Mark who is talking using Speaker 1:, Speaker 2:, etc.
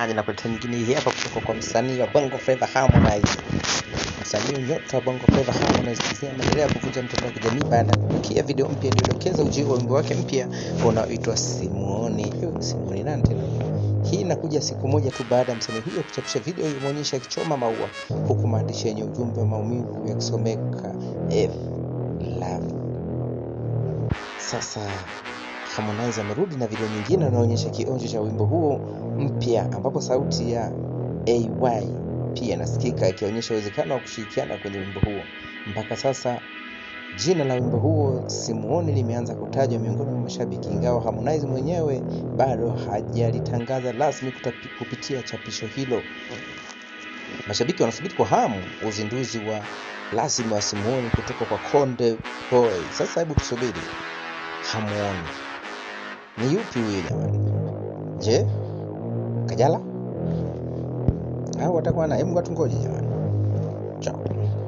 Speaker 1: na ninakuletea nyingine hii hapa kutoka kwa msanii wa Bongo Flava Harmonize. Msanii nyota wa Bongo Flava Harmonize pia anaendelea kuvuja mtandao wa kijamii baada ya kupakia video mpya iliyodokeza ujio wa wimbo wake mpya unaoitwa Simuoni. Simuoni nani tena? Hii inakuja siku moja tu baada ya msanii huyo kuchapisha video iliyoonyesha akichoma maua huku maandishi yenye ujumbe wa maumivu yakisomeka F love. Sasa Harmonize amerudi na video nyingine inaonyesha kionjo cha wimbo huo mpya ambapo sauti ya AY pia nasikika ikionyesha uwezekano wa kushirikiana kwenye wimbo huo. Mpaka sasa jina la wimbo huo Simuoni limeanza kutajwa miongoni mwa mashabiki, ingawa Harmonize mwenyewe bado hajalitangaza rasmi kupitia chapisho hilo. Mashabiki wanasubiri kwa hamu uzinduzi wa lazima wa Simuoni kutoka kwa Konde Boy. Sasa hebu tusubiri Hamuoni ni yupi yule? Je, Kajala au watakuwa na? Hebu ngoja jamani, chao.